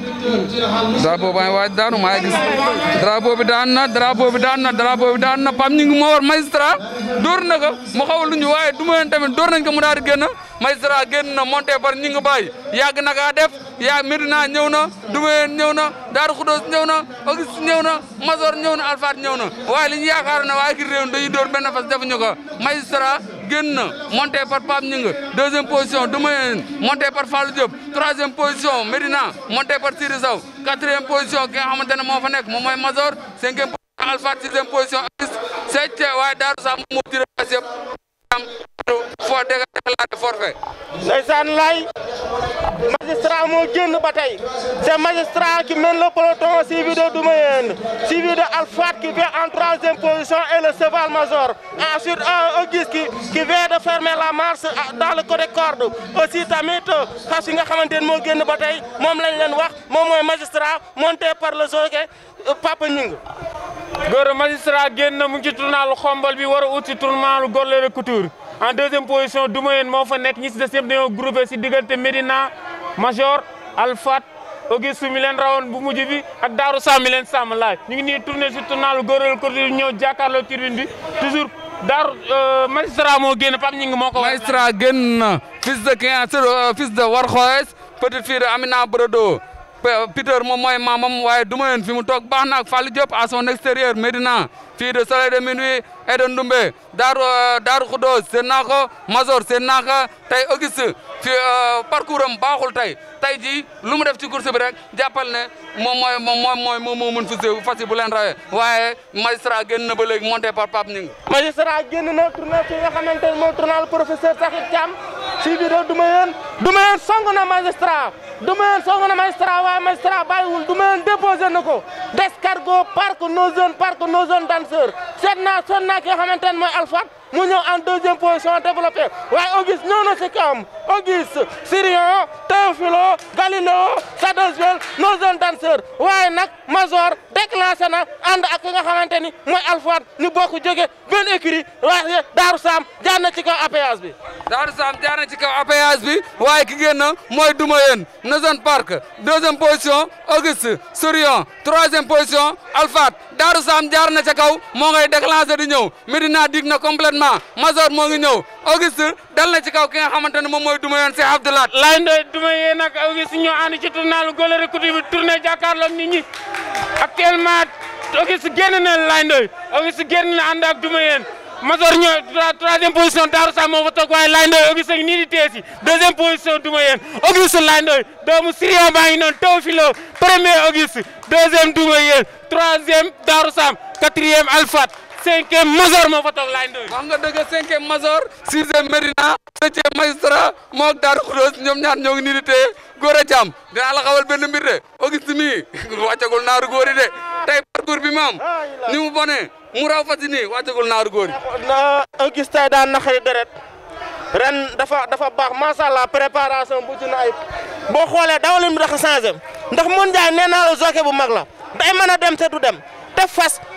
nag drapeau baa ngi waaj daanu bi daan na drapeau bi daan na drapeau bi daan na pam ñu ngi moo war magistrat dóor na ko mu a lu ñu waaye du ma leen tamit dóor nañ ko mu daal di génn magistrat na monté par ñi ngi bàyyi yàgg na kaa def yaa Medina ñëw na Dumayeen ñëw na Daaru Xudoos ñëw na Auguste ñëw na Masor ñëw na Alfaat waaye li ñu yaakaaroon ne waaye ki réew dañuy dóor benn defuñu ko magistrat génn na monté par Pape Ngingue deuxième position Doumayen monté par Fallou Diop troisième position Medina monté par Siri Sow quatrième position ki nga moo fa nekk moom mooy Mazor cinquième position Alpha sixième position Aris waaye Darou Sam moo tiré pas yëpp am déclaré forfait. ndeysaan lay magistrat moo génn ba c'est magistrat qui mène le peloton civil de Doumayen civil de qui vient en troisième position et le cheval major ensuite Auguste qui qui vient de fermer la marche dans le côté corde aussi tamit xas euh, yi nga xamante ne moo génn ba tey moom lañ leen wax moom mooy magistrat monté par le jockey euh, Papa Ñing góor magistrat génn mu ngi ci tournaalu xombal bi war a uti tournaalu Goléré Couture en deuxième position Doumayen moo fa nekk ñi si des ñëpp dañoo groupé si diggante Médina Major Alfat Auguste mi leen rawoon bu mujj bi ak Daaru Sam mi leen sàmm ñu ngi nii tourné si tournalu góoral côté bi ñëw jàkkaarloo tribune bi toujours Daaru euh, magistrat moo génn Pape ñu ngi moo ko war. magistrat génn fils de Kéa euh, fils de Warxoes petit fils Amina Brodo. Peter moom mooy maamam waaye dumayen fi mu toog baax na ak Fallou Diop à son extérieur Médina fii de soleil de minuit et Daaru euh, Daaru Khoudoss seen naa ko Mazor seen naa ko tey Auguste ci euh, parcours am baaxul tey tey jii lu mu def ci course bi rek jàppal ne moo mooy moom mooy moom moo mën fas fas yi bu leen rawee waaye magistrat génn na ba léegi monté par Pape Ngingue. magistrat génn na tournée fi nga xamante ne mooy tournal professeur Sakhir Thiam fii bi de du ma leen song na magistrat du ma leen song na magistrat waaye magistrat bàyyiwul du ma leen déposé na ko descargo parc nos jeunes parc nos jeunes danseurs seet naa xamante ne mooy Alphate mu ñëw en deuxième position développé waaye Auguste ñëw si kawam Auguste Sirion Théophilo Galileo Sadosvel nos jeunes waaye nag Major déclenché na ànd ak ki nga xamante ni mooy Alphate ñu bokk jóge benn écurie waaye Daaru Saam jaar ci kaw APS bi Daaru Saam jaar na ci kaw apayage bi waaye ki ngeen na mooy duma yéen Nozon Park deuxième position Auguste Souriant troisième position Alfat Daaru Saam jaar na ca kaw moo ngay déclencher di ñëw Medina dig na complètement Mazor moo ngi ñëw Auguste dal na ci kaw ki nga xamante ne moom mooy duma yéen Cheikh Abdoulaat laay ndoy duma yéen ak Auguste ñoo ànd ci tournalu Goloré Couture bi tourné jàkkaarloog nit ñi actuellement Auguste génn na laay ndoy Auguste génn na ànd Mator ñooy troisième position Darou Sam moo fa waaye Laye Ndoye Auguste nii di téye si deuxième Duma Yeen Auguste Laye Ndoye doomu Syria baa ngi noonu Théophile premier Auguste deuxième Duma Yeen troisième Darou Sam quatrième Alfat cinquième Mator moo fa toog Laye Ndoye. wax nga dëgg cinquième Mator sixième Medina septième Magistrat moog Darou Khoudoss ñaar ñoo nii di téye góor a jàmm dinaa la xawal benn mbir de Auguste mii wàccagul naaru góor de tey mu raw fas yéene wàccagul naaru góor yi. na gis tey daan na deret ren dafa dafa baax macha allah préparation bu ci boo xoolee dawalin bi dafa changé ndax mun jaay nee naa la jockey bu mag la day mën a dem te du dem te fas.